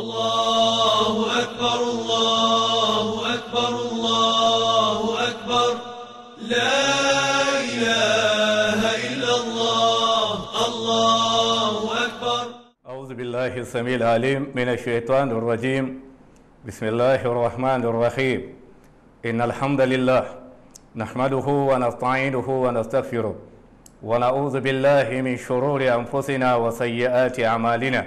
الله أكبر الله أكبر الله أكبر لا إله إلا الله الله أكبر أعوذ بالله السميع العليم من الشيطان الرجيم بسم الله الرحمن الرحيم إن الحمد لله نحمده ونستعينه ونستغفره ونعوذ بالله من شرور أنفسنا وسيئات أعمالنا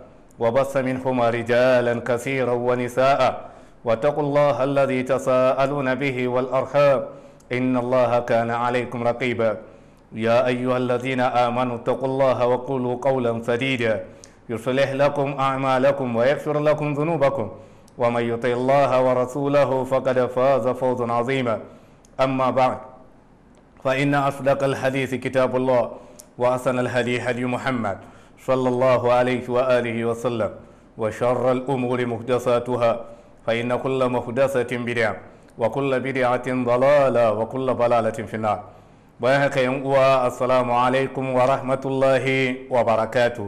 وبث منهما رجالا كثيرا ونساء واتقوا الله الذي تساءلون به والأرحام إن الله كان عليكم رقيبا يا أيها الذين آمنوا اتقوا الله وقولوا قولا سديدا يصلح لكم أعمالكم ويغفر لكم ذنوبكم ومن يطع الله ورسوله فقد فاز فوزا عظيما أما بعد فإن أصدق الحديث كتاب الله وأحسن الهدي هدي محمد صلى الله عليه وآله وسلم وشر الأمور محدثاتها فإن كل محدثة بدعة وكل بدعة ضلالة وكل ضلالة في النار بارك يا السلام عليكم ورحمة الله وبركاته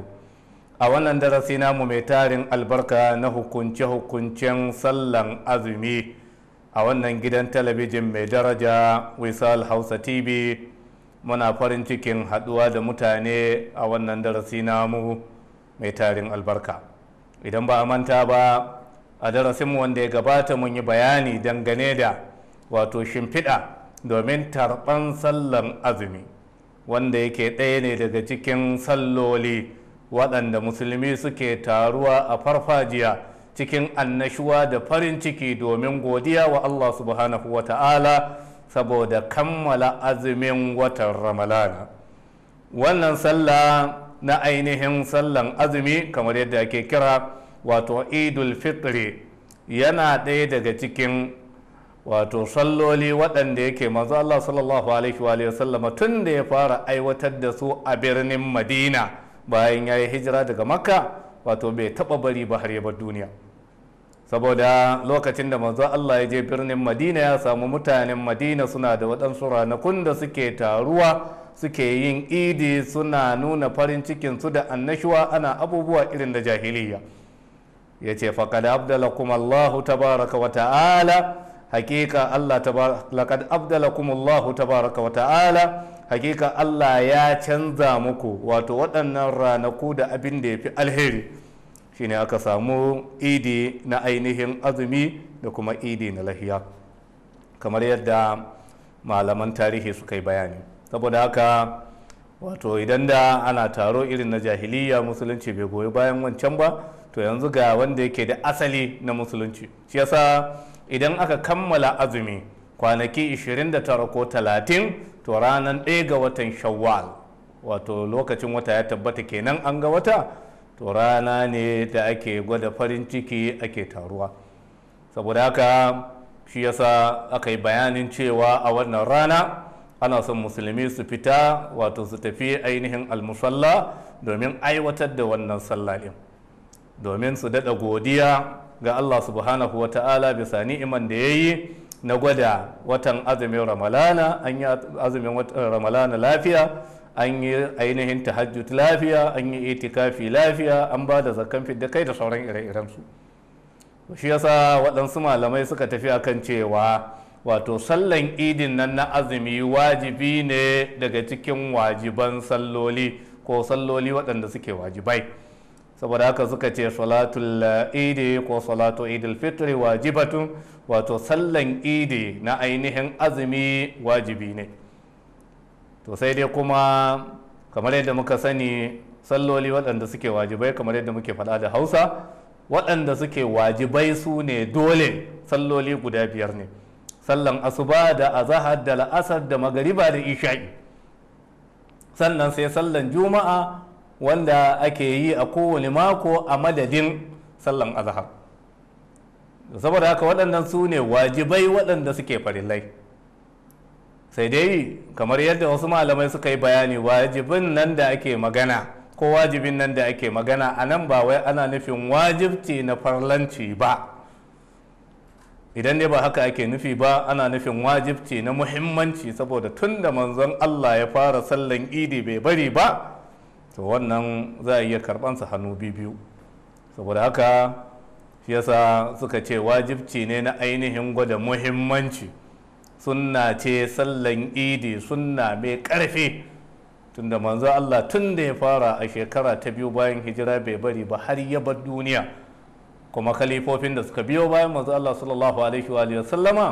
a wannan darasi namu mai tarin albarka na hukunce-hukuncen sallan azumi a wannan gidan talabijin mai daraja wisal hausa tv muna farin cikin haɗuwa da mutane a wannan darasi namu mai tarin albarka idan ba a manta ba a mu wanda ya gabata mun yi bayani dangane da wato shimfiɗa domin tarban sallan azumi wanda yake ɗaya ne daga cikin salloli waɗanda musulmi suke taruwa a farfajiya cikin annashuwa da farin ciki domin godiya wa allah subhanahu wa ta'ala saboda kammala azumin watan ramalana wannan sallah na ainihin sallan azumi kamar yadda ake kira wato idul fitri yana ɗaya daga cikin wato salloli waɗanda yake manzo Allah sallallahu alaihi wa sallama tun da ya fara aiwatar da su a birnin Madina bayan ya yi hijira daga Makka wato bai taɓa bari ba har ya bar duniya saboda lokacin da manzo Allah ya je birnin Madina ya samu mutanen Madina suna da waɗansu ranakun da suke taruwa suke yin idi suna nuna farin cikin su da annashuwa ana abubuwa irin da jahiliya ya ce faƙad abdalakum Allahu tabaraka wa ta'ala hakika Allah abdalakum Allahu tabaraka wa ta'ala hakika Allah ya canza muku wato waɗannan ranaku da abin da ya fi alheri shine aka samu idi na ainihin azumi da kuma idi na lahiya kamar yadda malaman tarihi suka yi bayani saboda haka wato idan da ana taro irin na jahiliya musulunci bai goyi bayan wancan ba to yanzu ga wanda yake da asali na musulunci shi yasa idan aka kammala azumi kwanaki 29 ko 30 to ranar ɗaya ga watan shawwal wato lokacin wata ya tabbata kenan an ga wata to rana ne da ake gwada farin ciki ake taruwa saboda haka shi yasa aka yi bayanin cewa a wannan rana ana son musulmi su fita wato su tafi ainihin almusalla domin aiwatar da wannan sallah domin su daɗa godiya ga Allah subhanahu wa ta'ala bisa ni'iman da ya yi na gwada watan azumin ramalana an yi azumin ramalana lafiya an yi ainihin tahajjud lafiya an yi itikafi lafiya an ba da zakan fidda kai da sauran ire-iren su shi yasa waɗansu malamai suka tafi akan cewa wato sallan idin nan na azumi wajibi ne daga cikin wajiban salloli ko salloli waɗanda suke wajibai saboda haka suka ce salatul idi ko salatu idil fitri wajibatun wato sallan idi na ainihin azumi wajibi ne to sai dai kuma kamar yadda muka sani salloli waɗanda suke wajibai kamar yadda muke faɗa da hausa waɗanda suke wajibai su ne dole salloli guda biyar ne sallan asuba da azahar da la'asar da magariba da isha'i sannan sai sallan juma'a wanda ake yi a kowane mako a madadin sallan azahar saboda haka waɗannan su ne wajibai waɗanda suke farillai sai dai kamar yadda wasu malamai suka yi bayani wajibin nan da ake magana ko wajibin nan da ake magana a nan ba wai ana nufin wajibci na farlanci ba idan ne ba haka ake nufi ba ana nufin wajibci na muhimmanci saboda tun da manzon Allah ya fara sallan idi bai bari ba to wannan za a iya karbansa hannu biyu saboda haka shi yasa suka ce wajibci ne na ainihin gwada muhimmanci sunna ce sallan idi sunna mai ƙarfi tunda manzo Allah tun da ya fara a shekara ta biyu bayan hijira bai bari ba har ya bar duniya kuma kalifofin da suka biyo bayan manzo Allah sallallahu alaihi wa sallama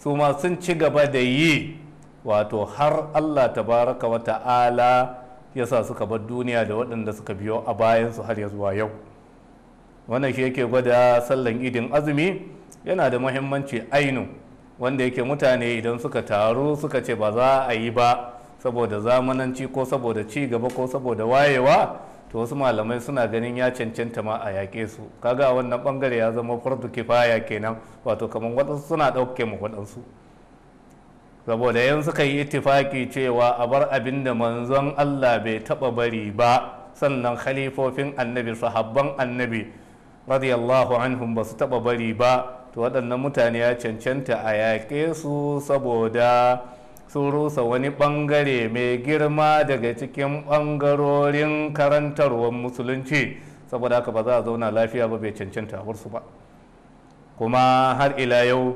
su ma sun ci gaba da yi wato har Allah tabaraka wa ta'ala yasa suka bar duniya da waɗanda suka biyo a bayansu har ya zuwa yau wannan shi yake gwada sallan idin azumi yana da muhimmanci ainu wanda yake mutane idan suka taru suka ce ba za a yi ba saboda zamananci ko saboda ci gaba ko saboda wayewa to wasu malamai suna ganin ya cancanta ma a yaƙe su kaga wannan bangare ya zama fardu kifaya kenan wato kamar waɗansu suna ɗauke mu waɗansu saboda yan suka yi ittifaki cewa a bar abin da manzon Allah bai taɓa bari ba sannan khalifofin annabi sahabban annabi radiyallahu anhum ba su taɓa bari ba to waɗannan mutane ya cancanta a yaƙe su saboda sun rusa wani ɓangare mai girma daga cikin ɓangarorin karantarwar musulunci saboda haka ba za a zauna lafiya ba bai cancanta a ba kuma har ila yau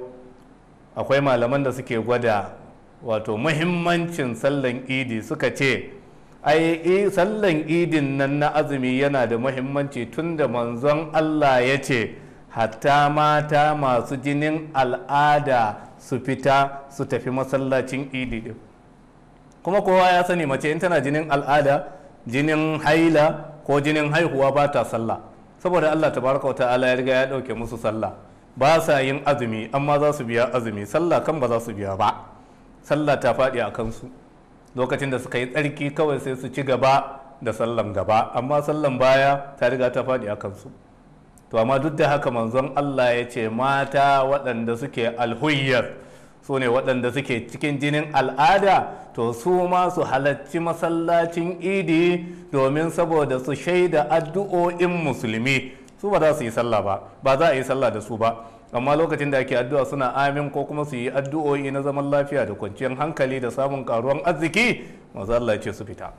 akwai malaman da suke gwada wato muhimmancin sallan idi suka ce ai sallan idin nan na azumi yana da muhimmanci tunda manzon allah ya ce hatta mata masu jinin al'ada su fita su tafi masallacin idi din kuma kowa ya sani mace in tana jinin al'ada jinin haila ko jinin haihuwa ba ta sallah saboda Allah Ta tabaraka ala ya riga ya dauke musu sallah ba sa yin azumi amma za su biya azumi sallah kan ba za su biya ba sallah ta faɗi a kansu lokacin da suka yi tsarki kawai sai su ci gaba da sallan gaba amma sallan baya ta riga ta faɗi a kansu to amma duk da haka manzon Allah ya ce mata waɗanda suke alhuyyar su ne waɗanda suke cikin jinin al'ada to su ma su halarci masallacin idi domin saboda su shaida addu'o'in musulmi su ba za su yi sallah ba ba za a yi sallah da su ba amma lokacin da ake addu'a suna amin ko kuma su yi addu'o'i na zaman lafiya da kwanciyar hankali da samun karuwan arziki maza Allah ya ce su fita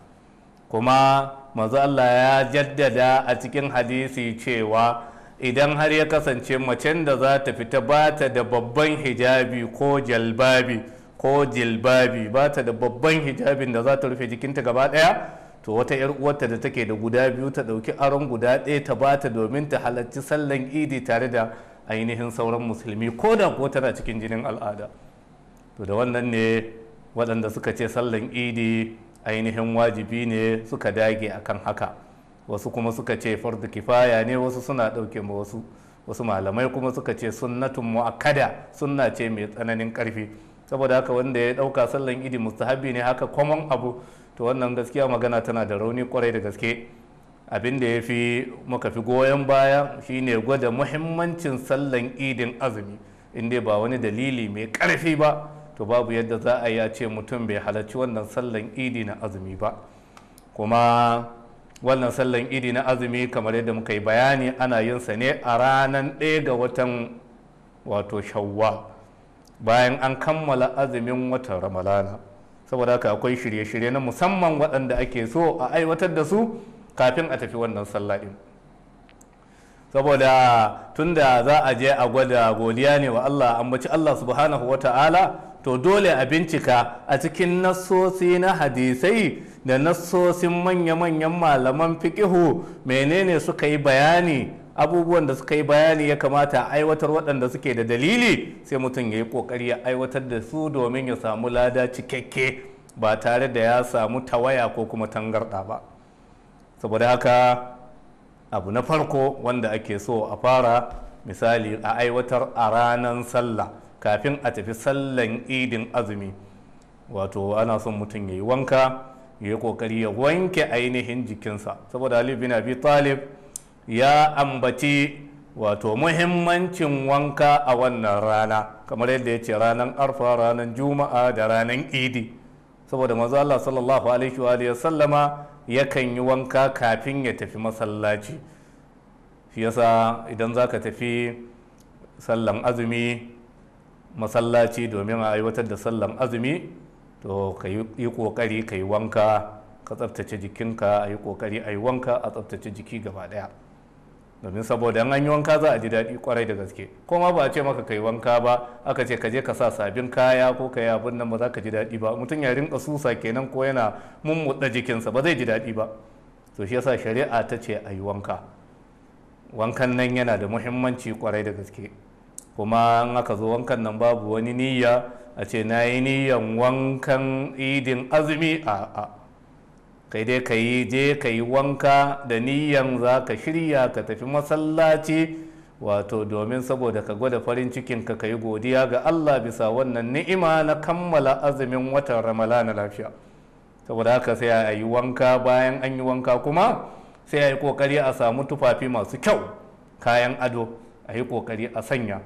kuma maza Allah ya jaddada a cikin hadisi cewa idan har ya kasance macen da za ta fita ba ta da babban hijabi ko jalbabi ko jilbabi ba ta da babban hijabin da za ta rufe jikinta gaba daya to wata 'yar uwarta da take da guda biyu ta ɗauki aron guda ɗaya ta ba ta domin ta halarci sallan idi tare da ainihin sauran musulmi ko da ko tana cikin jinin al'ada to da wannan ne waɗanda suka ce sallan idi ainihin wajibi ne suka dage akan haka wasu kuma suka ce fardu kifaya ne wasu suna ɗauke ma wasu wasu malamai kuma suka ce sunnatun mu'akkada sunna ce mai tsananin karfi saboda haka wanda ya ɗauka sallan idi mustahabi ne haka kwamon abu to wannan gaskiya magana tana da rauni kwarai da gaske abin da ya fi muka fi goyon baya shine gwada muhimmancin sallan idin azumi in dai ba wani dalili mai karfi ba to babu yadda za a yi a ce mutum bai halarci wannan sallan idi na azumi ba kuma wannan sallan idi na azumi kamar yadda muka yi bayani ana yin sa ne a ranar ɗaya ga watan wato shawwa bayan an kammala azumin watan ramalana saboda haka akwai shirye-shirye na musamman waɗanda ake so a aiwatar da su kafin a tafi wannan sallah Saboda tun da za a je a gwada godiya ne wa Allah an ambaci Allah subhanahu wa ta'ala to dole a bincika a cikin nasosi na hadisai da nassosin manya-manyan malaman fikihu menene suka yi bayani abubuwan da suka yi bayani ya kamata a aiwatar waɗanda suke da dalili sai mutum ya yi ƙoƙari ya aiwatar da su domin ya samu lada cikakke ba tare da ya samu tawaya ko kuma tangarɗa ba saboda haka abu na farko wanda ake so a fara misali a aiwatar a ranar sallah kafin a tafi sallan idin azumi wato ana son mutum ya yi wanka ya yi kokari ya wanke ainihin jikinsa saboda ali bin abi talib ya ambaci wato muhimmancin wanka a wannan rana kamar yadda ya ce ranar arfa ranar juma'a da ranar idi saboda manzo Allah sallallahu alaihi wa sallama yakan yi wanka kafin ya tafi masallaci shi yasa idan zaka tafi sallan azumi masallaci domin a aiwatar da sallan azumi to ka yi kokari ka yi wanka ka tsabtace jikinka a yi kokari a yi wanka a tsabtace jiki gaba daya domin saboda an yi wanka za a ji daɗi kwarai da gaske ko ma ba a ce maka ka yi wanka ba aka ce ka je ka sa sabin kaya ko ka yi abin nan ba za ka ji daɗi ba mutum ya rinka susa kenan ko yana mummuɗa jikinsa ba zai ji daɗi ba to shi yasa shari'a ta ce a yi wanka wankan nan yana da muhimmanci kwarai da gaske kuma in aka zo wankan nan babu wani niyya a ce na yi niyan wankan idin azumi a a kai dai ka yi je ka yi wanka da niyan za ka shirya ka tafi masallaci wato domin saboda ka gwada farin cikin ka yi godiya ga allah bisa wannan ni'ima na kammala azumin watan ramalana lafiya saboda haka sai a yi wanka bayan an yi wanka kuma sai a yi kokari a samu tufafi masu kyau kayan ado a yi kokari a sanya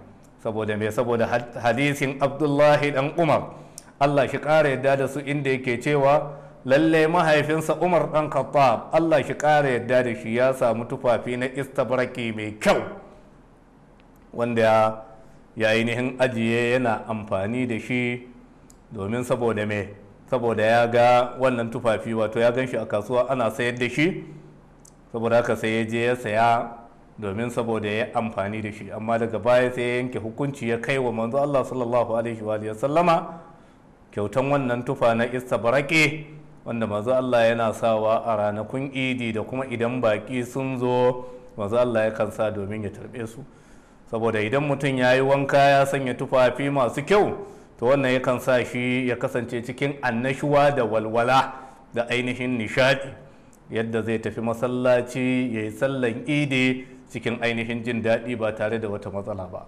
saboda me saboda hadisin abdullahi dan umar allah shi ƙara yadda da su inda yake cewa lalle mahaifinsa umar dan khattab allah shi ƙara yadda da shi ya samu tufafi na istabraki mai kyau wanda ya ainihin ajiye yana amfani da shi domin saboda me saboda ya ga wannan tufafi wato ya gan shi a kasuwa ana sayar da shi saboda haka sai ya je ya saya domin saboda ya yi amfani da shi amma daga baya sai yanke hukunci ya kai wa manzo Allah sallallahu alaihi wa sallama kyautan wannan tufa na istabarake wanda manzo Allah yana sawa a ranakun idi da kuma idan baki sun zo manzo Allah yakan sa domin ya tarbe su saboda idan mutum ya yi wanka ya sanya tufafi masu kyau to wannan yakan sa shi ya kasance cikin annashuwa da walwala da ainihin nishadi yadda zai tafi masallaci ya yi sallan idi cikin ainihin jin daɗi ba tare da wata matsala ba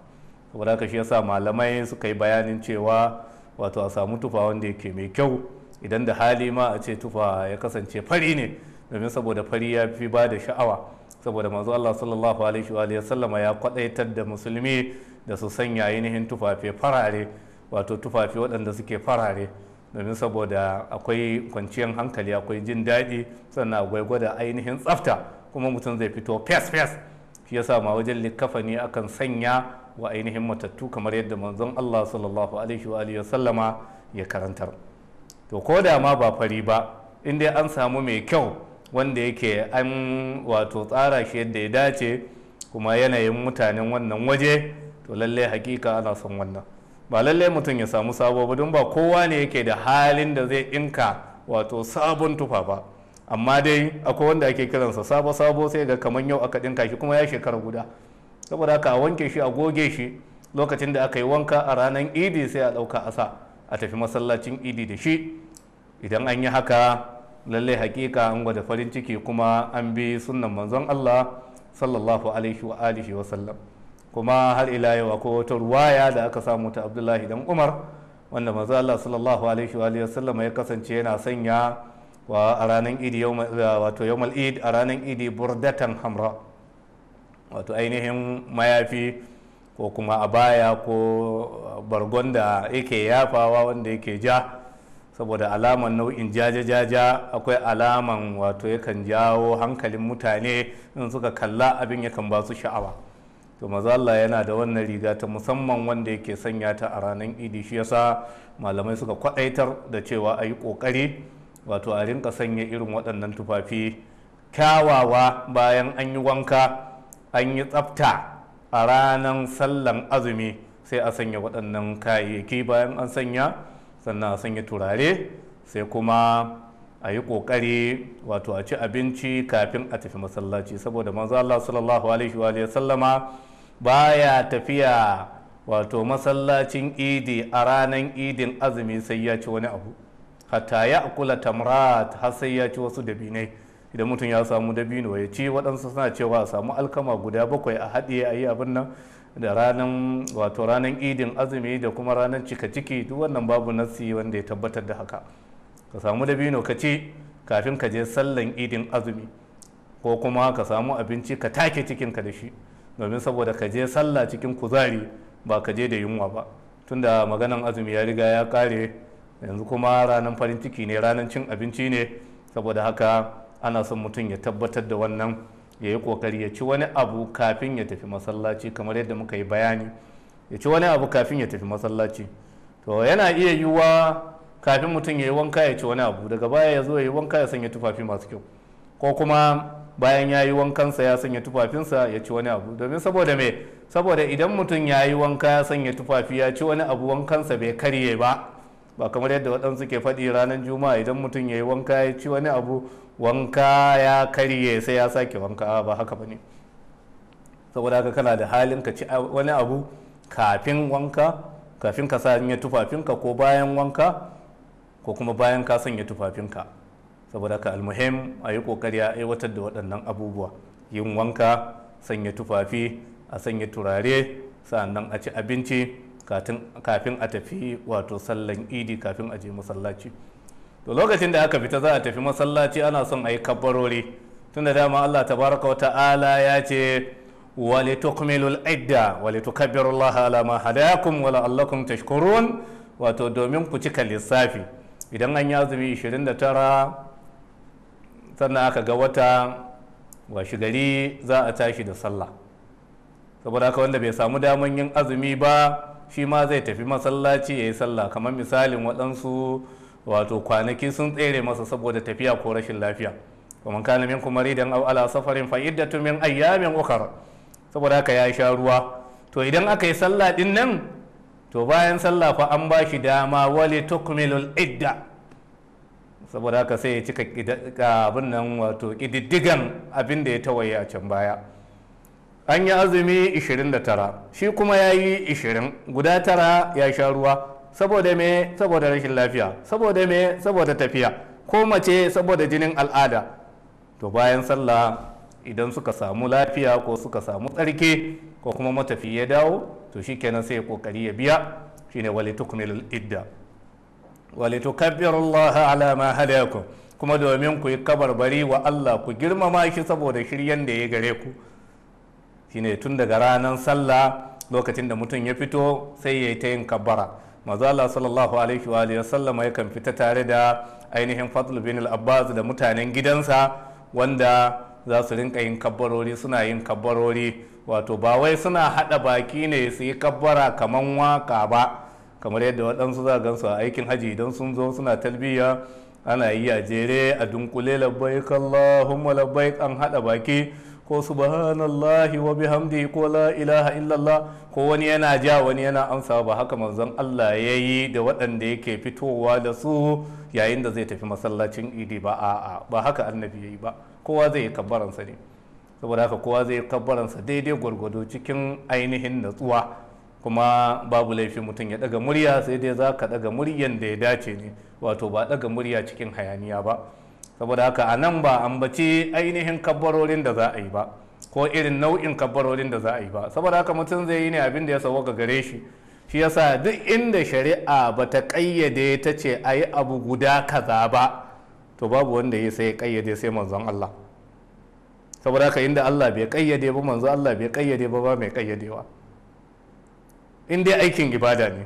saboda haka shi yasa malamai suka yi bayanin cewa wato a samu tufa wanda yake mai kyau idan da hali ma a ce tufa ya kasance fari ne domin saboda fari ya fi ba da sha'awa saboda manzo Allah sallallahu alaihi wa sallama ya kwadaitar da musulmi da su sanya ainihin tufafi farare wato tufafi waɗanda suke farare domin saboda akwai kwanciyar hankali akwai jin daɗi sannan akwai gwada ainihin tsafta kuma mutum zai fito fes fes shi yasa ma wajen likkafa ne akan sanya wa ainihin matattu kamar yadda manzon Allah sallallahu alaihi wa alihi sallama ya karantar to ko da ma ba fari ba in dai an samu mai kyau wanda yake an wato tsara shi yadda ya dace kuma yanayin mutanen wannan waje to lalle hakika ana son wannan ba lalle mutum ya samu sabo ba don ba kowa ne yake da halin da zai inka wato sabon tufa ba amma dai akwai wanda ake kiransa sabo sabo sai ga kamar yau aka dinka shi kuma ya shekara guda saboda haka a wanke shi a goge shi lokacin da aka yi wanka a ranar idi sai a ɗauka asa a tafi masallacin idi da shi idan an yi haka lallai hakika an gwada farin ciki kuma an bi sunnan manzon Allah sallallahu alaihi wa alihi wa sallam kuma har ila yau akwai wata ruwaya da aka samu ta Abdullahi dan Umar wanda manzon Allah sallallahu alaihi wa alihi wa sallam ya kasance yana sanya wa a ranar idi eh, wato id a ranar idi burdatan hamra wato ainihin mayafi ko kuma a baya ko bargon da yake yafawa wanda yake ja saboda alaman nau'in jaja-jaja akwai alaman wato yakan jawo hankalin mutane in suka kalla abin yakan ba su sha'awa to maza Allah yana da wannan riga ta musamman wanda yake sanya ta a ranar idi shi yasa malamai suka kwadaitar da cewa a yi ƙoƙari. wato a rinka sanya irin waɗannan tufafi kyawawa bayan an yi wanka an yi tsafta a ranar sallan azumi sai a sanya waɗannan kayayyaki bayan an sanya sannan a sanya turare sai kuma a yi ƙoƙari wato a ci abinci kafin a tafi masallaci saboda manzo Allah sallallahu alaihi wa sallama baya tafiya wato masallacin idi a ranar idin azumi sai ya ci wani abu hatta ya akula tamrat har sai ya ci wasu dabinai idan mutum ya samu dabino ya ci waɗansu suna cewa a samu alkama guda bakwai a haɗiye a yi abin nan da ranar wato ranar idin azumi da kuma ranar cika ciki duk wannan babu nassi wanda ya tabbatar da haka ka samu dabino ka ci kafin ka je sallan idin azumi ko kuma ka samu abinci ka take cikin ka da shi domin saboda ka je sallah cikin kuzari ba ka je da yunwa ba tunda maganan azumi ya riga ya kare yanzu kuma ranar farin ciki ne ranar cin abinci ne saboda haka ana son mutum ya tabbatar da wannan ya yi kokari ya ci wani abu kafin ya tafi masallaci kamar yadda muka yi bayani ya ci wani abu kafin ya tafi masallaci to yana iya yiwuwa kafin mutum ya yi wanka ya ci wani abu daga baya ya zo ya yi wanka ya sanya tufafi masu kyau ko kuma bayan ya yi wankansa ya sanya tufafinsa ya ci wani abu domin saboda me saboda idan mutum ya yi wanka ya sanya tufafi ya ci wani abu wankansa bai karye ba ba kamar yadda waɗansu ke faɗi ranar juma'a idan mutum ya yi wanka ya ci wani abu wanka ya karye sai ya sake wanka ba haka ba saboda haka kana da halin ka ci wani abu kafin wanka kafin ka sanya tufafinka ko bayan wanka ko kuma bayan ka sanya tufafinka saboda haka almuhim a yi kokari a aiwatar da waɗannan abubuwa yin wanka sanya tufafi a sanya turare sa'annan a ci abinci kafin a tafi wato sallan idi kafin a je masallaci to lokacin da aka fita za a tafi masallaci ana son a yi kabbarori tunda dama Allah tabaraka wa ta'ala ya ce wali al idda wali Allah ala ma hadakum wa la'allakum tashkurun wato domin ku cika lissafi idan an yi azumi 29 sannan aka ga wata washi gari za a tashi da sallah saboda haka wanda bai samu daman yin azumi ba shi ma zai tafi masallaci ya yi sallah kamar misalin waɗansu wato kwanaki sun tsere masa saboda tafiya ko rashin lafiya kuma kana min kuma ridan aw ala safarin fa iddatu min ayyamin ukhra saboda haka ya sha ruwa to idan aka yi sallah din nan to bayan sallah fa an ba shi dama wali tukmilul idda saboda haka sai ya cika abin nan wato kididdigan abin da ya tawaye a can baya an yi azumi 29 shi kuma ya yi 20 guda tara ya sha ruwa saboda me saboda rashin lafiya saboda me saboda tafiya ko mace saboda jinin al'ada to bayan sallah idan suka samu lafiya ko suka samu tsarki ko kuma matafi ya dawo to kenan sai kokari ya biya shine walitukmilul idda walitukabbirullaha ala ma hadakum kuma domin ku yi kabarbari wa Allah ku girmama shi saboda shiryen da ya gare ku shine tun daga ranar sallah lokacin da mutum ya fito sai ya yi ta yin kabbara manzo Allah sallallahu alaihi wa alihi sallama kan fita tare da ainihin Fadl bin al-Abbas da mutanen gidansa wanda za su rinka yin kabbarori suna yin kabbarori wato ba wai suna hada baki ne su yi kabbara kaman waka ba kamar yadda waɗansu za gansu a aikin haji idan sun zo suna talbiya ana yi a jere a dunkule labbaik Allahumma labbaik an hada baki ko subhanallahi wa bihamdihi ko la ilaha illallah ko wani yana ja wani yana amsa ba haka manzon Allah yayi da waɗanda yake fitowa da su yayin da zai tafi masallacin idi ba a'a ba haka annabi yayi ba kowa zai yi kabbaransa ne saboda haka kowa zai yi kabbaransa daidai gwargwado cikin ainihin natsuwa kuma babu laifi mutum ya daga murya sai dai za ka daga muryan da ya dace ne wato ba daga murya cikin hayaniya ba saboda haka a nan ba ambaci ainihin kabbarorin da za a yi ba ko irin nau'in kabbarorin da za a yi ba saboda haka mutum zai yi ne abin da ya ga gare shi shi yasa duk inda shari'a ba ta ƙayyade ta ce a yi abu guda kaza ba to babu wanda ya sai kayyade sai manzon Allah saboda haka inda Allah bai ƙayyade ba manzon Allah bai ƙayyade ba ba mai ƙayyadewa in dai aikin ibada ne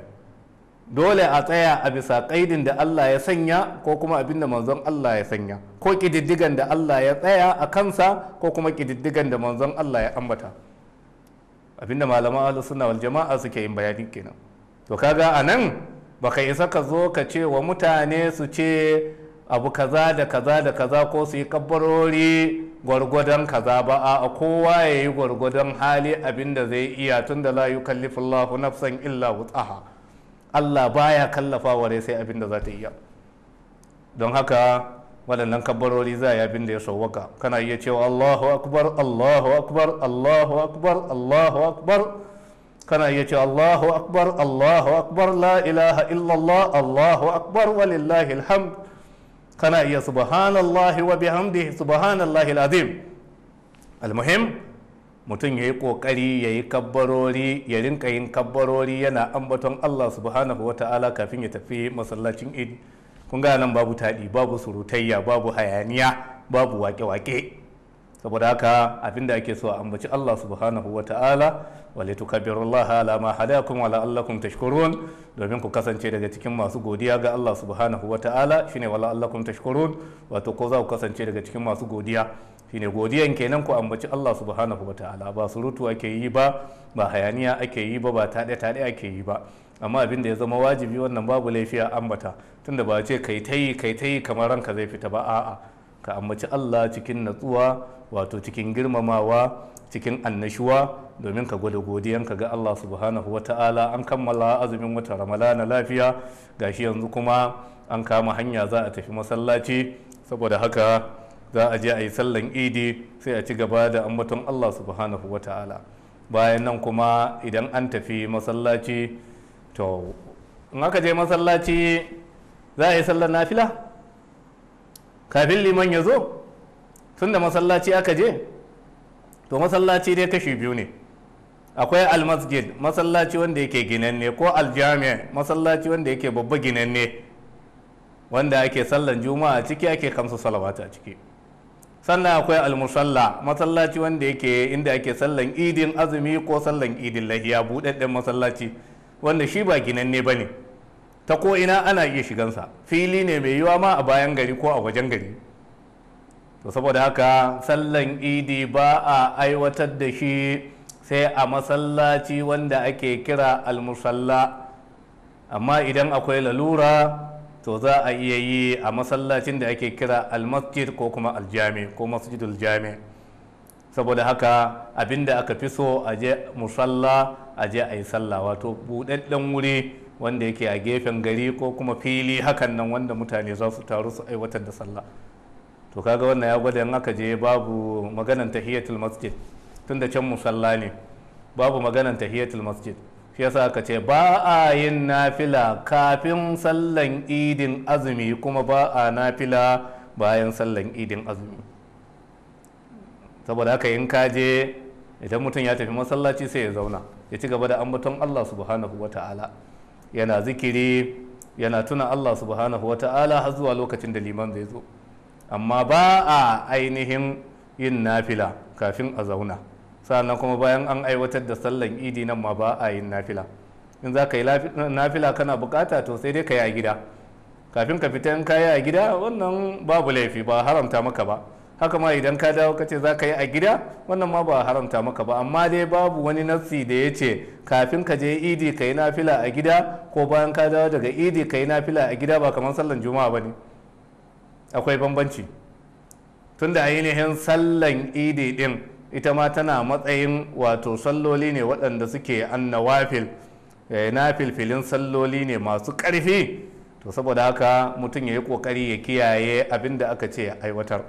dole a tsaya a bisa ƙaidin da Allah ya sanya ko kuma abin da manzon Allah ya sanya ko ƙididdigan da Allah ya tsaya a kansa ko kuma ƙididdigan da manzon Allah ya ambata da malaman ahlus sunna wal jama'a suke yin bayani kenan to kaga anan baka isa ka zo ka ce wa mutane su ce abu kaza da kaza da kaza ko su yi kabbarori gwargwadon kaza ba a kowa ya yi gwargwadon hali abin da zai iya tun da la yukallifu Allahu nafsan illa wutsaha Allah baya kallafa wa rai sai abin da za ta iya don haka waɗannan kabbarori za yi abin da ya sauwaka kana iya cewa Allahu akbar Allahu akbar Allahu akbar Allahu akbar kana iya cewa Allahu akbar Allahu akbar la ilaha illallah Allahu akbar walillahi alhamd kana iya subhanallahi wa bihamdihi subhanallahi alazim المهم mutum ya yi ƙoƙari ya yi kabbarori ya rinka yin kabbarori yana ambaton allah subhanahu wa ta'ala kafin ya tafi masallacin id kun ga nan babu taɗi babu surutayya babu hayaniya babu wake-wake saboda haka abinda ake so a ambaci Allah subhanahu wa ta'ala wale allah ala ma hadakum wa kun tashkurun domin ku kasance daga cikin masu godiya ga Allah subhanahu wa ta'ala shine wa kun tashkurun wato ko za ku kasance daga cikin masu godiya shine godiyan kenan ku ambaci Allah subhanahu wa ta'ala ba surutu ake yi ba ba hayaniya ake yi ba ba taɗe taɗe ake yi ba amma abin da ya zama wajibi wannan babu laifiya ambata tunda ba ce kai ta yi kai ta yi kamar ranka zai fita ba a'a ka ambaci Allah cikin natsuwa wato cikin girmamawa cikin annashuwa domin ka gwada ka ga Allah subhanahu wa ta'ala an kammala azumin wata ramalana lafiya gashi yanzu kuma an kama hanya za a tafi masallaci saboda haka za a je a yi sallan idi sai a ci gaba da ambaton Allah subhanahu wa ta'ala bayan nan kuma idan an tafi masallaci to in aka je masallaci za a yi sallar nafila kafin liman ya zo tun da masallaci aka je to masallaci dai kashi biyu ne akwai almasjid masallaci wanda yake ginanne ko aljami'a masallaci wanda yake babba ginanne wanda ake sallan juma'a ciki ake kamsa salawata a ciki sannan akwai almusalla masallaci wanda yake inda ake sallan idin azumi ko sallan idin lahiya buɗaɗɗen masallaci wanda shi ba ginanne ba ne ta ko ina ana iya shigansa fili ne mai yiwa ma a bayan gari ko a wajen gari to saboda haka sallan idi ba a aiwatar da shi sai a masallaci wanda ake kira almusalla amma idan akwai lalura to za a iya yi a masallacin da ake kira almasjid ko kuma aljami ko masjidul jami saboda haka abinda aka fi so a je musalla a je a yi sallah wato buɗaɗɗen wuri wanda yake a gefen gari ko kuma fili hakan nan wanda mutane za su taru su aiwatar da sallah to kaga wannan ya gwada in aka je babu maganan tahiyatul masjid tunda can musalla ne babu maganan tahiyatul masjid shi yasa ka ce ba a yin nafila kafin sallan idin azumi kuma ba a nafila bayan sallan idin azumi saboda haka yin ka je idan mutum ya tafi masallaci sai ya zauna ya ci gaba da ambaton Allah subhanahu wa ta'ala yana zikiri yana tuna Allah subhanahu wa ta'ala har zuwa lokacin da liman zai zo amma ba a ainihin yin nafila kafin a zauna sannan kuma bayan an aiwatar da sallan idi nan ma ba a yin nafila in za ka yi nafila kana bukata to sai dai ka yi a gida kafin ka fita in ka yi a gida wannan babu laifi ba haramta maka ba haka ma idan ka dawo ka ce za ka yi a gida wannan ma ba haramta maka ba amma dai babu wani nassi da ya ce kafin ka je idi ka yi nafila a gida ko bayan ka dawo daga idi ka yi nafila a gida ba kamar sallan juma'a ba ne akwai bambanci tunda ainihin sallan idi din ita ma tana matsayin wato salloli ne waɗanda suke annawafil eh, na filfilin salloli ne masu ƙarfi to saboda haka mutum ya yi ƙoƙari ya kiyaye abin da aka ce aiwatar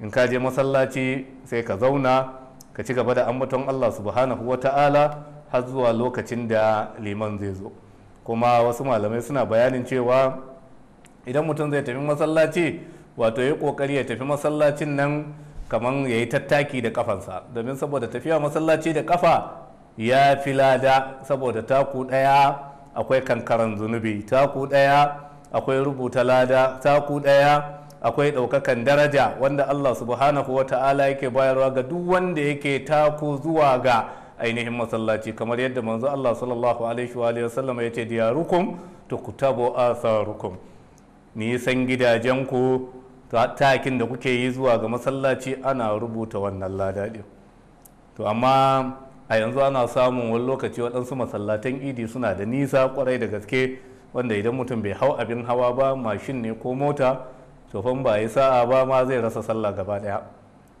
in ka je masallaci sai ka zauna ka ci gaba da ambaton allah subhanahu wa ta'ala har zuwa lokacin da liman zai zo kuma wasu malamai suna bayanin cewa idan mutum zai tafi masallaci wato ya ƙoƙari ya tafi masallacin nan kamar ya yi tattaki da kafansa domin saboda tafiya masallaci da kafa ya fi lada saboda taku ɗaya akwai kankaran zunubi taku ɗaya akwai rubuta lada taku ɗaya akwai ɗaukakan daraja wanda allah subhanahu wa ta'ala yake bayarwa ga duk wanda yake taku zuwa ga ainihin masallaci kamar yadda manzo allah sallallahu alaihi wa sallam ya ce diyarukum tukutabu asarukum nisan gidajenku to takin da kuke yi zuwa ga masallaci ana rubuta wannan lada ɗin to amma a yanzu ana samun wani lokaci waɗansu masallatan idi suna da nisa kwarai da gaske wanda idan mutum bai hau abin hawa ba mashin ne ko mota to ba yi sa'a ba ma zai rasa sallah gaba ɗaya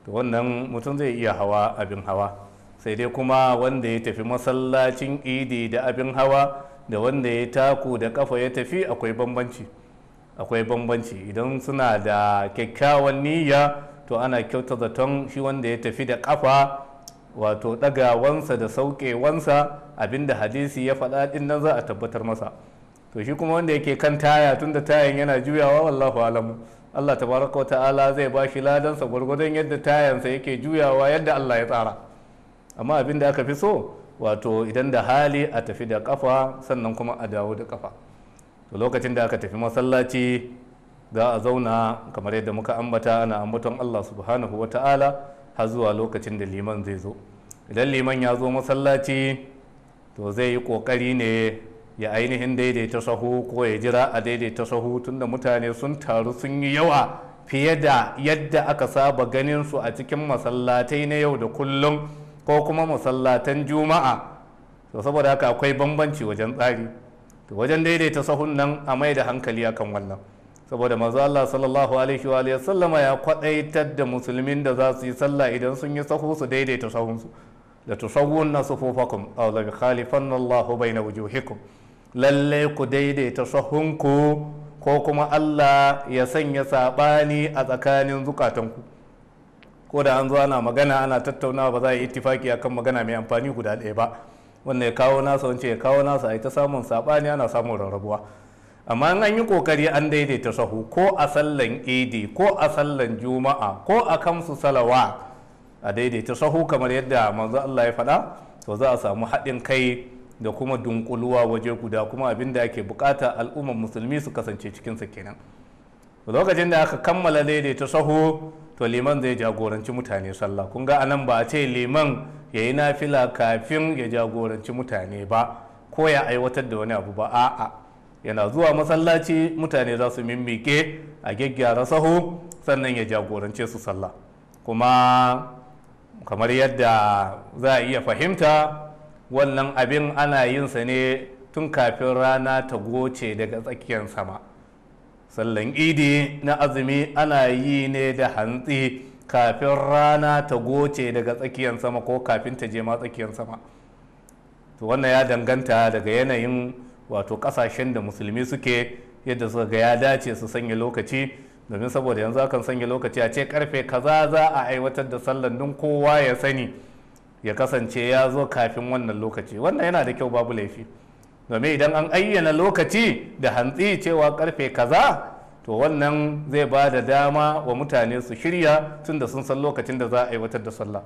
to wannan mutum zai iya hawa abin hawa sai dai kuma wanda ya tafi masallacin idi da abin hawa da wanda ya taku da kafa ya tafi akwai bambanci akwai bambanci idan suna da kyakkyawan niyya to ana kyauta zaton shi wanda ya tafi da kafa wato dagawansa da sauƙewansa abinda hadisi ya faɗa ɗin nan za a tabbatar masa to shi kuma wanda yake kan taya tun da tayan yana juyawa wallahu alamu Allah tabaraka wa ta'ala zai ba shi ladansa gwargwadon yadda tayansa yake juyawa yadda Allah ya tsara amma abinda aka fi so wato idan da hali a tafi da kafa sannan kuma a dawo da kafa to lokacin da aka tafi masallaci za a zauna kamar yadda muka ambata ana ambaton Allah subhanahu wa ta'ala har zuwa lokacin da liman zai zo idan liman ya zo masallaci to zai yi kokari ne ya ainihin daidaita sahu ko ya jira a daidaita sahu tunda mutane sun taru sun yi yawa fiye da yadda aka saba ganin su a cikin masallatai na yau da kullum ko kuma masallatan juma'a to saboda haka akwai bambanci wajen tsari wajen daidaita sahun nan a mai da hankali akan wannan saboda manzo Allah sallallahu alaihi wa alihi sallama ya kwadaitar da musulmin da za su yi sallah idan sun yi sahu su daidaita sahun su la tusawwunna sufufakum aw la khalifan Allah baina wujuhikum lalle ku daidaita sahun ku ko kuma Allah ya sanya sabani a tsakanin zukatanku ko da an zo ana magana ana tattaunawa ba za a yi ittifaki akan magana mai amfani guda ɗaya ba wanda ya kawo nasa wance ya kawo nasa a ta samun saɓani ana samun rarrabuwa amma an yi kokari an daidaita sahu ko a sallan idi ko a sallan juma'a ko a kamsu salawa a daidaita sahu kamar yadda manzo Allah ya faɗa to za a samu haɗin kai da kuma dunkuluwa waje guda kuma abin da ake bukata al'ummar musulmi su kasance cikinsa kenan lokacin da aka kammala daidaita sahu to liman zai jagoranci mutane sallah kun ga anan ba a ce liman ya yi nafila kafin ya jagoranci mutane ba ko ya aiwatar da wani abu ba a'a yana zuwa masallaci mutane za su mimmike a gyaggyara saho sannan ya jagorance su sallah kuma kamar yadda za a iya fahimta wannan abin ana yin sa ne tun kafin rana ta goce daga tsakiyar sama sallan idi na azumi ana yi ne da hantsi kafin rana ta goce daga tsakiyar sama ko kafin ta je ma tsakiyar sama to wannan ya danganta daga yanayin wato kasashen da musulmi suke yadda suka ga ya dace su sanya lokaci domin saboda yanzu akan sanya lokaci a ce karfe kaza za a aiwatar da sallan don kowa ya sani ya kasance ya zo kafin wannan lokaci wannan yana da kyau babu laifi domin idan an ayyana lokaci da hantsi cewa karfe kaza to wannan zai ba da dama wa mutane su shirya tun da sun san lokacin da za a aiwatar da sallah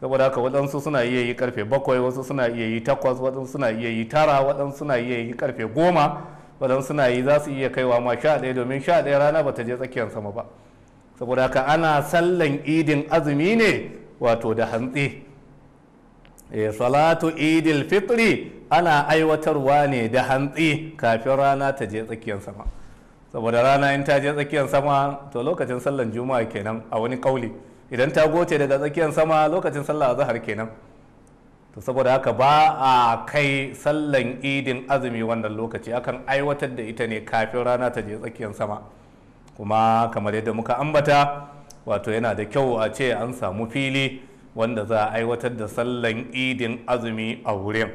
saboda haka waɗansu suna iya yi karfe bakwai wasu suna iya yi takwas waɗansu suna iya yi tara waɗansu suna iya yi karfe goma waɗansu suna yi za su iya kaiwa ma sha ɗaya domin sha ɗaya rana ba ta je tsakiyar sama ba saboda haka ana sallan idin azumi ne wato da hantsi Eh, salatu idil fitri ana aiwatarwa ne da hantsi kafin rana ta je tsakiyar sama saboda rana in ta je tsakiyar sama to lokacin sallan juma'a kenan a wani kauli idan ta goce daga tsakiyar sama lokacin sallar azhar kenan to saboda haka ba a kai sallan idin azumi wannan lokaci akan aiwatar da ita ne kafin rana ta je tsakiyar sama kuma kamar yadda muka ambata wato yana da kyau a ce an samu fili wanda za a aiwatar da sallan idin azumi a wurin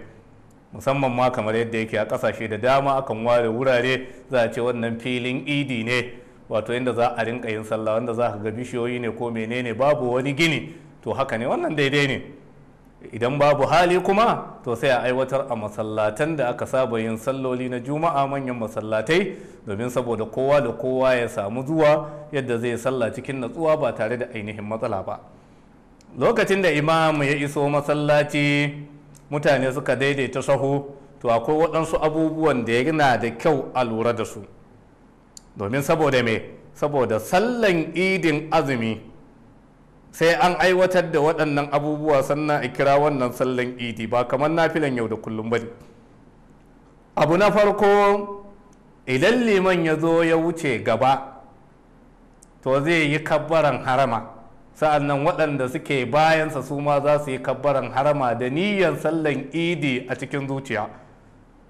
musamman ma kamar yadda yake a kasashe da dama akan ware wurare za a ce wannan filin idi ne wato inda za a rinka yin sallah wanda za ka ga bishiyoyi ne ko menene babu wani gini to haka ne wannan daidai ne idan babu hali kuma to sai a aiwatar a masallatan da aka saba yin salloli na juma'a manyan masallatai domin saboda kowa da kowa ya samu zuwa yadda zai sallah cikin natsuwa ba tare da ainihin matsala ba lokacin da imamu ya iso masallaci mutane suka daidaita sahu to akwai waɗansu abubuwan da yana da kyau a lura da su domin saboda me saboda sallan idin azumi sai an aiwatar da waɗannan abubuwa sannan a kira wannan sallan idi ba kamar na nafilan yau da kullum ba abu na farko idan liman ya zo ya wuce gaba to zai yi kabbaran harama sa'an nan waɗanda suke bayansa su ma za su yi kabbaran harama da niyyar sallan idi a cikin zuciya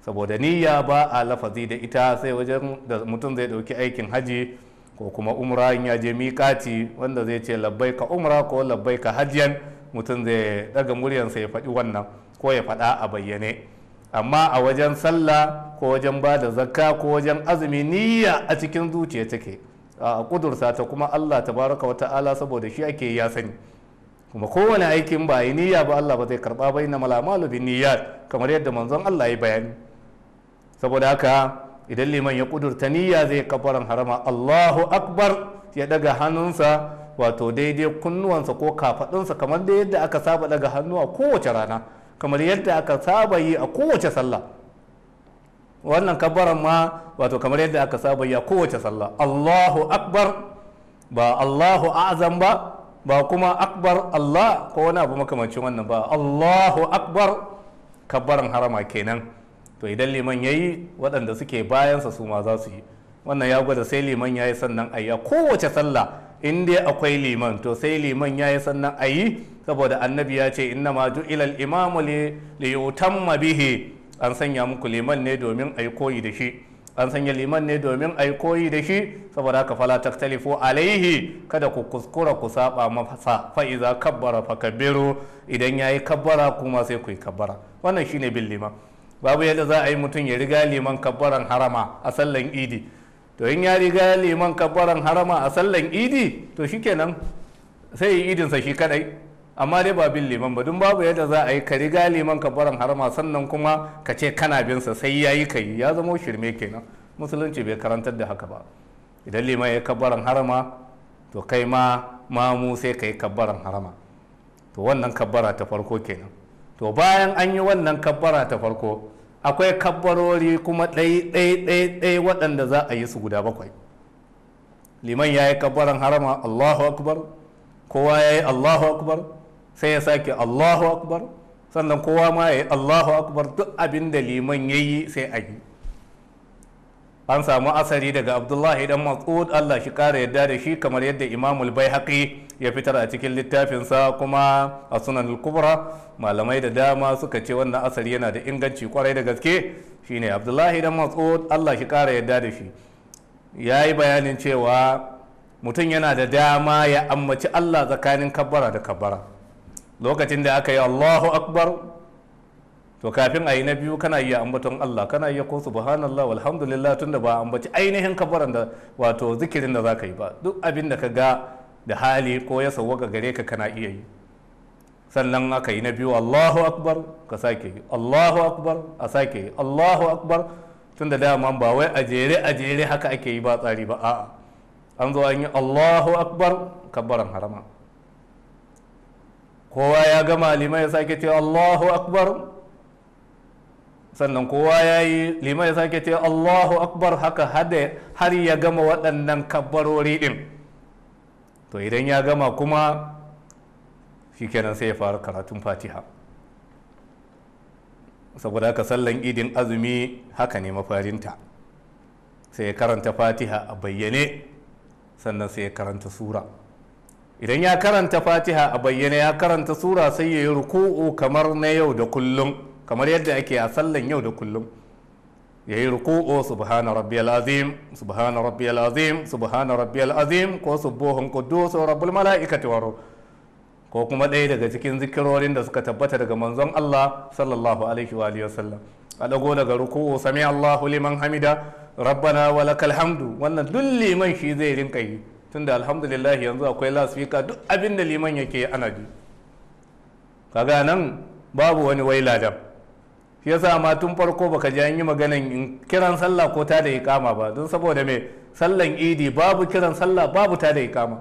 saboda niyya ba a lafazi da ita sai wajen da mutum zai ɗauki aikin haji ko kuma umra ya je miƙati wanda zai ce labbai ka umra ko labbai ka hajiyan mutum zai daga muryansa ya faɗi wannan ko ya faɗa a bayyane amma a wajen sallah ko wajen ba da zakka ko wajen azumi niyya a cikin zuciya take a kudurta ta kuma Allah ta wata wata'ala saboda shi ake ya sani kuma kowane aikin ba yi niyya ba Allah ba zai karba bai na malamalu bin niyyat kamar yadda manzon Allah ya bayani saboda haka idan liman ya kudurta niyya zai kafaran harama Allahu akbar ya daga hannunsa wato daidai kunnuwansa ko kafadunsa kamar da yadda aka saba daga hannu a kowace rana kamar yadda aka saba yi a kowace sallah wannan kabbaran ma wato kamar yadda aka saba ya kowace sallah Allahu akbar ba Allahu azam ba ba kuma akbar Allah ko wani abu makamancin wannan ba Allahu akbar kabbaran harama kenan to idan liman yayi waɗanda suke bayansa su ma za su yi wannan ya gwada sai liman yayi sannan ayi a kowace sallah in dai akwai liman to sai liman yayi sannan ayi saboda annabi ya ce inna ma ju'ilal imamu li yutamma bihi an sanya muku liman ne domin a yi koyi da shi an sanya liman ne domin a yi koyi da shi saboda haka fala talifu alaihi kada ku kuskura ku saba masa fa iza kabbara fa kabbiru idan yayi kabbara kuma sai ku yi kabbara wannan shine bin liman babu yadda za a yi mutum ya riga liman kabbaran harama a sallan idi to in ya riga liman kabbaran harama a sallan idi to shikenan sai yi idinsa shi kadai amma dai ba bin liman ba don babu yadda za a yi ka riga liman ka barin harama sannan kuma ka ce kana bin sa sai yayi kai ya zama shirme kenan musulunci bai karantar da haka ba idan liman ya kabbaran harama to kai ma mamu sai ka yi kabbaran harama to wannan kabbara ta farko kenan to bayan an yi wannan kabbara ta farko akwai kabbarori kuma ɗai-ɗai-ɗai waɗanda za a yi su guda bakwai liman ya yi kabbaran harama allahu akbar kowa ya yi allahu akbar sai ya sake Allahu akbar sannan kowa ma ya yi Allahu akbar duk abin da liman ya yi sai a yi an samu asari daga abdullahi dan mas'ud Allah shi kara yadda da shi kamar yadda imamul haƙi ya fitar a cikin littafinsa kuma a sunan kubra malamai da dama suka ce wannan asari yana da inganci kwarai da gaske shine abdullahi dan mas'ud Allah shi kara yadda da shi ya yi bayanin cewa mutum yana da dama ya ammaci Allah tsakanin kabbara da kabbara lokacin da aka yi Allahu akbar to kafin a yi na biyu kana iya ambaton Allah kana iya ko subhanallah walhamdulillah tunda ba ambaci ainihin kabaran da wato zikirin da zaka yi ba duk abin da ka ga da hali ko ya sauwaka gare ka kana iya yi sannan aka yi na biyu Allahu akbar ka sake yi Allahu akbar a sake yi Allahu akbar tunda dama ba wai a jere a jere haka ake yi ba tsari ba a'a an zo an yi Allahu akbar kabaran harama kowa ya gama liman ya sake ce allahu akbar sannan kowa ya yi liman ya sake ce allahu akbar haka har ya gama waɗannan kabarori ɗin to idan ya gama kuma shi kenan sai ya fara karatun fatiha saboda haka sallan idin azumi haka ne mafarinta sai ya karanta fatiha a bayyane sannan sai ya karanta sura idan ya karanta fatiha a bayyana ya karanta sura sai ya yi ruku'u kamar na yau da kullum kamar yadda ake a sallan yau da kullum ya yi ruku'u subhana rabbiyal azim subhana rabbiyal azim subhana rabbiyal azim ko subuhun quddus rabbul malaikati wa ko kuma ɗaya daga cikin zikirorin da suka tabbata daga manzon Allah sallallahu alaihi wa sallam a dago daga ruku'u sami Allahu liman hamida rabbana walakal hamdu wannan duk liman shi zai rinka yi tunda alhamdulillah yanzu akwai lasfika duk abin da liman yake ana ji kaga nan babu wani wai ladan shi yasa ma tun farko baka ji an yi maganan in kiran sallah ko ta da ikama ba don saboda me sallan idi babu kiran sallah babu ta da ikama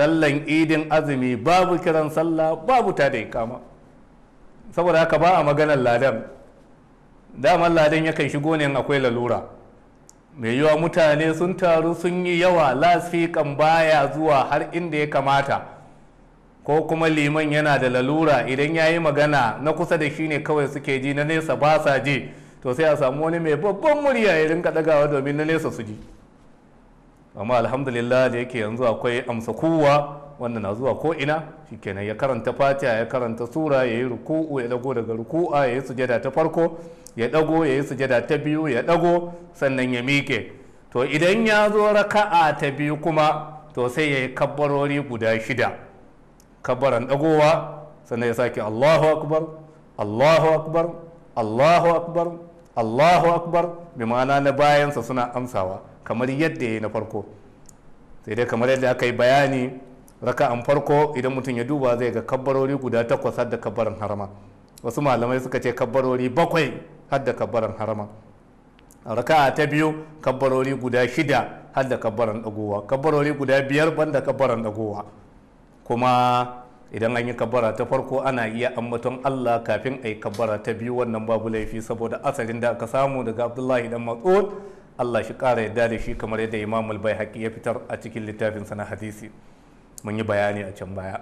sallan idin azumi babu kiran sallah babu ta da ikama saboda haka ba a maganar ladan daman ladan yakan shigo ne akwai lalura mai yiwa mutane sun taru sun yi yawa lasfikan baya zuwa har inda ya kamata ko kuma liman yana da lalura idan ya yi magana na kusa da shi ne kawai suke ji na nesa ba sa ji to sai a samu wani mai babban murya ya rinka dagawa domin na nesa su ji amma alhamdulillah da yake yanzu akwai amsa kuwa wanda na zuwa ko ina shikenan ya karanta fatiha ya karanta sura ya yi ruku'u ya dago daga ruku'a ya yi sujada ta farko ya ɗago ya yi sujada ta biyu ya ɗago sannan ya miƙe to idan ya zo raka'a ta biyu kuma to sai ya yi kabbarori guda shida kabbaran ɗagowa sannan ya sake allahu akbar allahu akbar allahu akbar allahu akbar bi ma'ana na bayansa suna amsawa kamar yadda ya yi na farko sai dai kamar yadda aka yi bayani raka'an farko idan mutum ya duba zai ga kabbarori guda takwas da kabbaran harama wasu malamai suka ce kabbarori bakwai Hadda kabbaran harama raka'a ta biyu kabbarori guda shida hadda kabbaran dagowa kabbarori guda biyar banda kabbaran dagowa kuma idan an yi kabbara ta farko ana iya ambaton Allah kafin a yi kabbara ta biyu wannan babu laifi saboda asalin da aka samu daga Abdullahi dan Mas'ud Allah shi kara yadda da shi kamar yadda imamul bai baihaqi ya fitar a cikin littafin sana hadisi mun yi bayani a can baya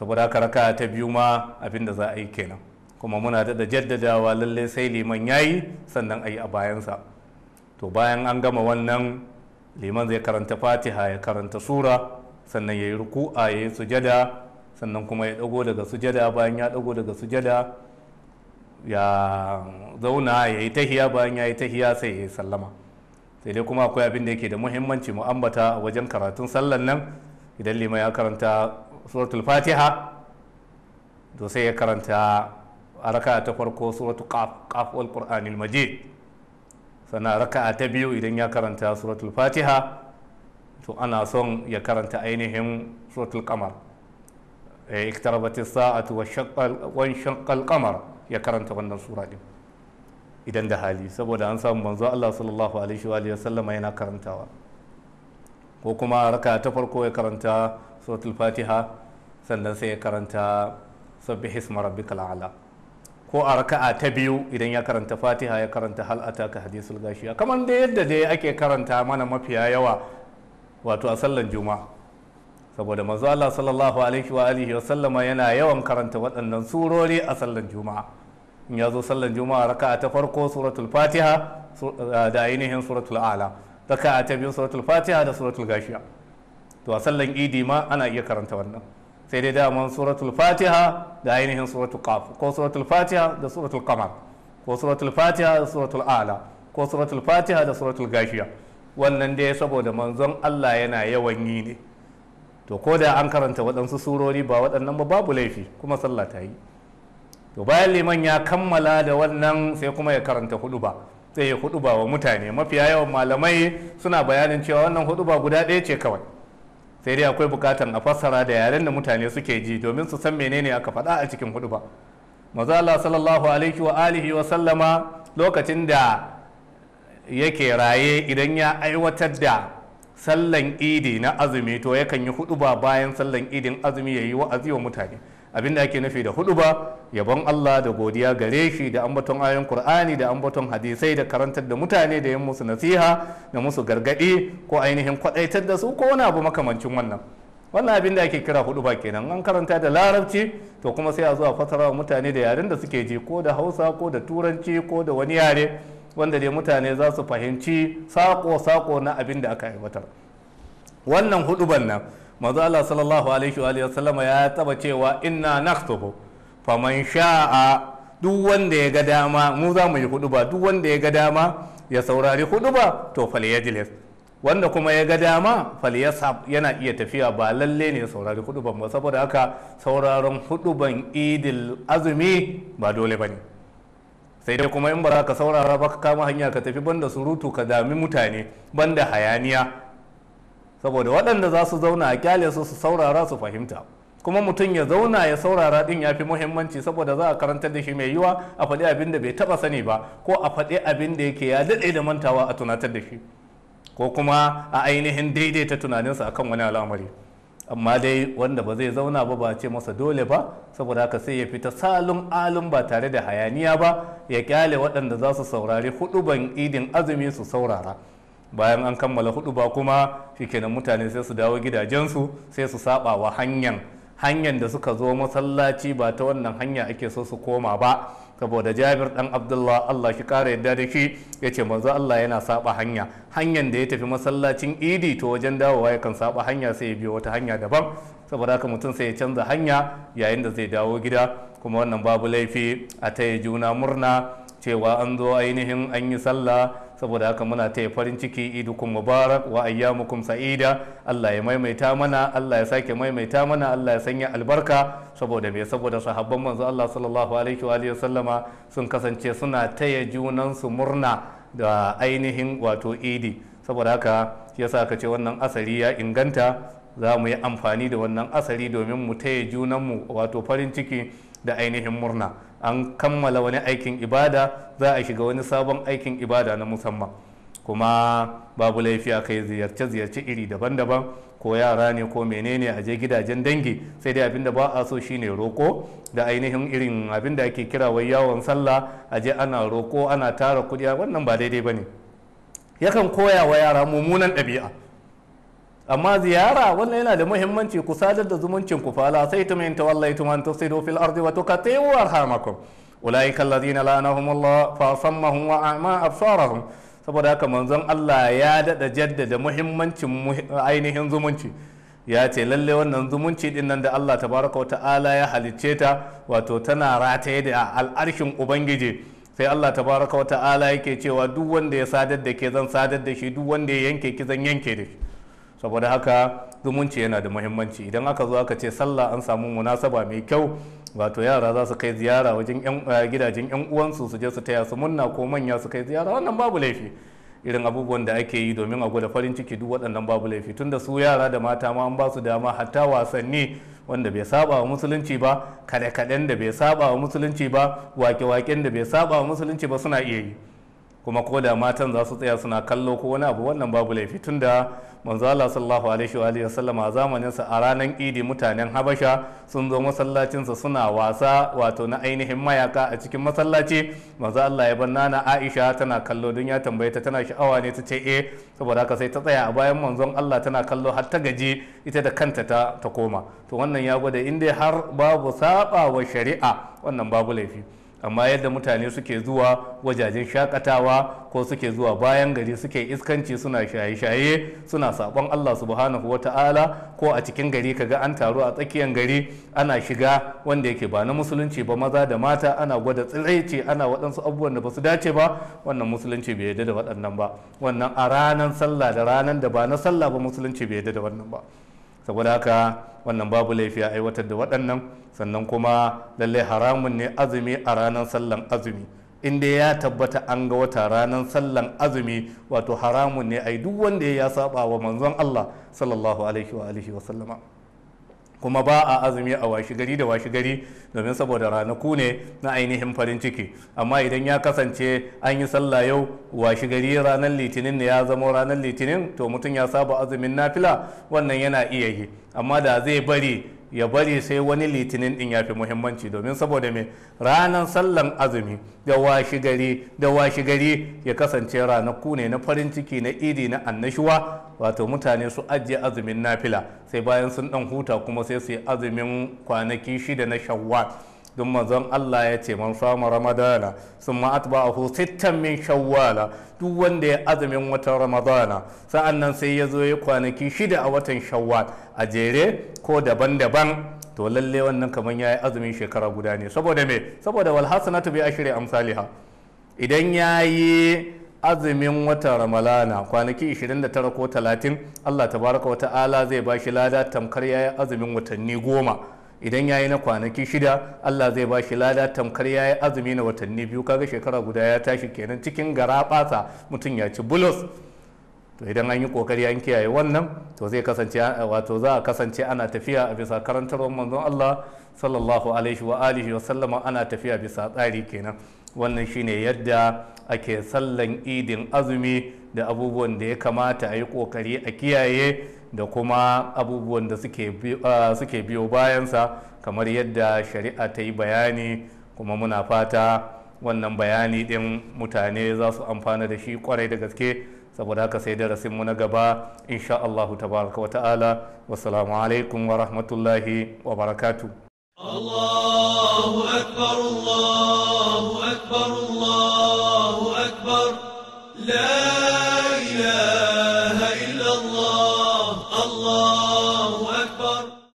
saboda haka raka ta biyu ma abin da za a yi kenan kuma muna da jaddadawa lalle sai liman ya yi sannan a yi a bayansa to bayan an gama wannan liman zai karanta fatiha ya karanta sura sannan ya yi ruku'a ya yi sujada sannan kuma ya dago daga sujada bayan ya dago daga sujada ya zauna ya yi tahiya bayan ya yi tahiya sai ya yi sallama sai dai kuma akwai abin da yake da muhimmanci mu ambata a wajen karatun sallan nan idan liman ya karanta suratul fatiha to sai ya karanta a raka'a ta farko suratu qaf wal qur'anil majid sannan raka'a ta biyu idan ya karanta suratul fatiha to ana son ya karanta ainihin suratul qamar eh, iktarabatis sa'atu wa shaqqal qamar ya karanta wannan sura din idan da hali saboda an samu manzo Allah sallallahu alaihi wa sallama yana karantawa ko kuma raka ta farko ya karanta suratul fatiha sannan sai ya karanta sabbih isma rabbikal a'la ko a raka'a ta biyu idan ya karanta fatiha ya karanta halata ka hadisul gashiya kamar da yadda dai ake karanta mana mafiya yawa wato a sallan juma saboda manzo Allah sallallahu alaihi wa alihi wa sallama yana yawan karanta waɗannan surori a sallan juma in ya zo sallan juma raka'a ta farko suratul fatiha da ainihin suratul ala raka'a ta biyu suratul fatiha da suratul gashiya to a sallan idi ma ana iya karanta wannan sai dai daman suratul fatiha da ainihin suratul qaf ko suratul fatiha da suratul qamar ko suratul fatiha da suratul ala ko suratul fatiha da suratul gashiya wannan dai saboda manzon Allah yana yawan yi ne to ko da an karanta waɗansu surori ba waɗannan ba babu laifi kuma sallah ta yi to bayan liman ya kammala da wannan sai kuma ya karanta hudu ba sai ya hudu ba wa mutane mafiya yawan malamai suna bayanin cewa wannan hudu ba guda ɗaya ce kawai sai dai akwai bukatan a fassara da yaren da mutane suke ji domin su san menene aka faɗa a cikin hudu ba maza Allah sallallahu alaihi wa alihi wa sallama lokacin da yake raye idan ya aiwatar da sallan idi na azumi to yakan yi hudu ba bayan sallan idin azumi yayi wa'azi wa mutane Abin da ake nufi da hudu ba yabon Allah da godiya gare shi da ambaton ayon kur'ani da ambaton hadisai da karantar da mutane da yin musu nasiha da musu gargadi ko ainihin kwadaitar da su ko wani abu makamancin wannan wannan abin da ake kira hudu ba kenan an karanta da larabci to kuma sai a zuwa fasara wa mutane da yaren da suke ji ko da hausa ko da turanci ko da wani yare wanda dai mutane za su fahimci sako-sako na abin da aka aiwatar wannan huduban nan manzo Allah sallallahu alaihi wa sallama ya taba cewa inna naktubu man sha'a duk wanda ya ga dama mu za mu yi ba duk wanda ya ga dama ya saurari ba to falyajlis wanda kuma ya ga dama falyasab yana iya tafiya ba lalle ne ya saurari hudu ba saboda haka sauraron ban idil azumi ba dole bane sai dai kuma in ba za ka saurara ba ka kama hanya ka tafi banda surutu ka dami mutane banda hayaniya saboda waɗanda za su zauna a kyale su su saurara su fahimta kuma mutum ya zauna ya saurara din ya fi muhimmanci saboda za a karanta da shi mai yiwa a faɗi abin da bai taɓa sani ba ko a faɗi abin da yake ya daɗe da mantawa a tunatar da shi ko kuma a ainihin daidaita tunaninsa akan wani al'amari amma dai wanda ba zai zauna ba ba ce masa dole ba saboda haka sai ya fita salun alun ba tare da hayaniya ba ya kyale waɗanda za su saurari huɗuban idin azumi su saurara bayan an kammala hudu ba kuma shikenan mutane sai su dawo gidajensu sai su saba wa hanyan, hanyan da suka zo masallaci ba ta wannan hanya ake so su koma ba saboda jabir dan abdullah allah shi kara yadda da shi ya ce manzo allah yana saba hanya hanyar da ya tafi masallacin idi to wajen dawowa ya kan saba hanya sai ya biyo wata hanya daban saboda haka mutum sai ya canza hanya yayin da zai dawo gida kuma wannan babu laifi a taya juna murna cewa an zo ainihin an yi sallah saboda haka muna taya farin ciki kuma mubarak wa ayyamukum sa'ida Allah ya maimaita mana Allah ya sake maimaita mana Allah ya sanya albarka saboda me saboda sahabban manzo Allah sallallahu alaihi wa alihi sallama sun kasance suna taya junan su murna da ainihin wato idi saboda haka yasa ka ce wannan asari ya inganta za mu yi amfani da wannan asari domin mu taya junanmu wato farin ciki da ainihin murna an kammala wani aikin ibada za a shiga wani sabon aikin ibada na musamman kuma babu laifi a kai ziyarce-ziyarce iri daban-daban ko yara ne ko menene a je gidajen dangi sai dai abinda ba a so shine roko da ainihin irin abinda ake kira wai yawon sallah a je ana roko ana tara kudi wannan ba daidai bane yakan koya wa yara mummunan ɗabi'a amma ziyara wannan yana da muhimmanci ku sadar da zumuncin ku fala sai tumin tawallaitum an tufsidu fil ardi wa tuqati'u arhamakum ulaika alladhina la'anahumullah fa sammahum wa a'ma absarahum saboda haka manzon Allah ya dada jaddada muhimmancin ainihin zumunci ya ce lalle wannan zumunci din nan da Allah tabaraka wa ta'ala ya halicce ta wato tana rataye da al'arshin ubangiji sai Allah tabaraka wa ta'ala yake cewa duk wanda ya sadar da ke zan sadar da shi duk wanda ya yanke ki zan yanke da shi saboda haka zumunci yana da muhimmanci idan aka zo aka ce sallah an samu munasaba mai kyau wato yara za su kai ziyara wajen eh, gidajen yan uwansu su je su taya su munna ko manya su kai ziyara wannan babu laifi irin abubuwan da ake yi domin a gwada farin ciki duk waɗannan babu laifi tunda su yara da mata ma an ba su dama hatta wasanni wanda bai saba wa musulunci ba kaɗe-kaɗen da bai saba wa musulunci ba wake-waken da bai saba wa musulunci ba suna iya yi kuma ko da matan za su tsaya suna kallo ko wani abu wannan babu laifi tunda manzo Allah sallallahu alaihi wa alihi wasallam a zamanin sa a ranar idi mutanen Habasha sun zo masallacin sa suna wasa wato na ainihin mayaka a cikin masallaci manzo Allah ya banna na Aisha tana kallo don ya tambaye ta tana sha'awa ne ta ce eh saboda haka sai ta tsaya a bayan manzon Allah tana kallo har ta gaji ita da kanta ta ta koma to wannan ya gwada inda har babu saba wa shari'a wannan babu laifi amma yadda mutane suke zuwa wajajen shakatawa ko suke zuwa bayan gari suke iskanci suna shaye-shaye suna sabon Allah subhanahu wa ta'ala ko a cikin gari kaga an taru a tsakiyar gari ana shiga wanda yake ba na musulunci ba maza da mata ana gwada tsiraici ana waɗansu abubuwan da ba su dace ba wannan musulunci bai yadda da waɗannan ba wannan a ranar sallah da ranar da ba na sallah ba musulunci bai yadda da wannan ba saboda haka wannan babu laifi a aiwatar da waɗannan sannan kuma lalle haramun ne azumi a ranar sallan azumi in dai ya tabbata an ga wata ranar sallan azumi wato haramun ne ai duk wanda ya saba wa manzon Allah sallallahu alaihi wa alihi wa sallama kuma ba a azumi a washi gari da washi gari domin saboda ranaku ne na ainihin farin ciki amma idan ya kasance an yi sallah yau washi gari ranar litinin ne ya zama ranar litinin to mutum ya saba azumin nafila wannan yana iya yi amma da zai bari ya bari sai wani litinin din ya fi muhimmanci domin saboda mai ranar sallan azumi da washi gari da washi gari ya kasance ranaku ne na farin ciki na idi na annashuwa wato mutane su ajiye azumin nafila sai bayan sun dan huta kuma sai su yi azumin kwanaki shida na shawwal don manzon Allah ya ce man sama ramadana sun a sittan min shawwala duk wanda ya azumin watan ramadana sa'an nan sai ya zo ya kwanaki shida a watan shawwal a jere ko daban-daban to lalle wannan kamar ya yi azumin shekara guda ne saboda me saboda walhassana hasanatu bi shirya amsaliha idan ya yi azumin watan ramadana kwanaki 29 ko 30 Allah tabaraka wa ta'ala zai ba shi lada tamkar ya yi azumin watanni goma idan ya yi na kwanaki shida Allah zai ba shi lada tamkar ya yi azumi na watanni biyu kaga shekara guda ya tashi kenan cikin gara batsa mutum ya ci bulus to idan an yi kokari an kiyaye wannan to zai kasance wato za a kasance ana tafiya a bisa karantarwar manzon Allah sallallahu alaihi wa alihi wa sallama ana tafiya bisa tsari kenan wannan shine yadda ake sallan idin azumi da abubuwan da ya kamata a yi kokari a kiyaye da kuma abubuwan da uh, suke biyo bayansa kamar yadda shari'a ta yi bayani kuma muna fata wannan bayani ɗin mutane za su amfana da shi kwarai da gaske saboda haka sai darasinmu na gaba insha Allahu tabaraka wa ta'ala wasalamu alaikum wa rahmatullahi wa barakatu Allahu akbar Allahu akbar Allahu akbar la